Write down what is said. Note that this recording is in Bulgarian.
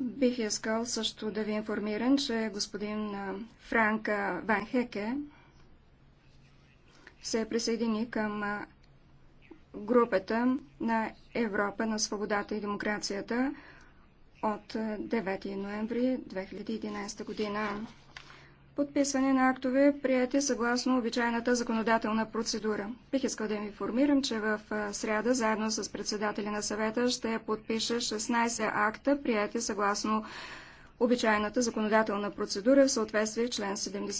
Бих искал също да ви информирам, че господин Франк Ван Хеке се присъедини към групата на Европа на свободата и демокрацията от 9 ноември 2011 година подписване на актове, прияти съгласно обичайната законодателна процедура. Бих искал да ви информирам, че в среда, заедно с председателя на съвета, ще подпиша 16 акта, прияти съгласно обичайната законодателна процедура в съответствие с член 70.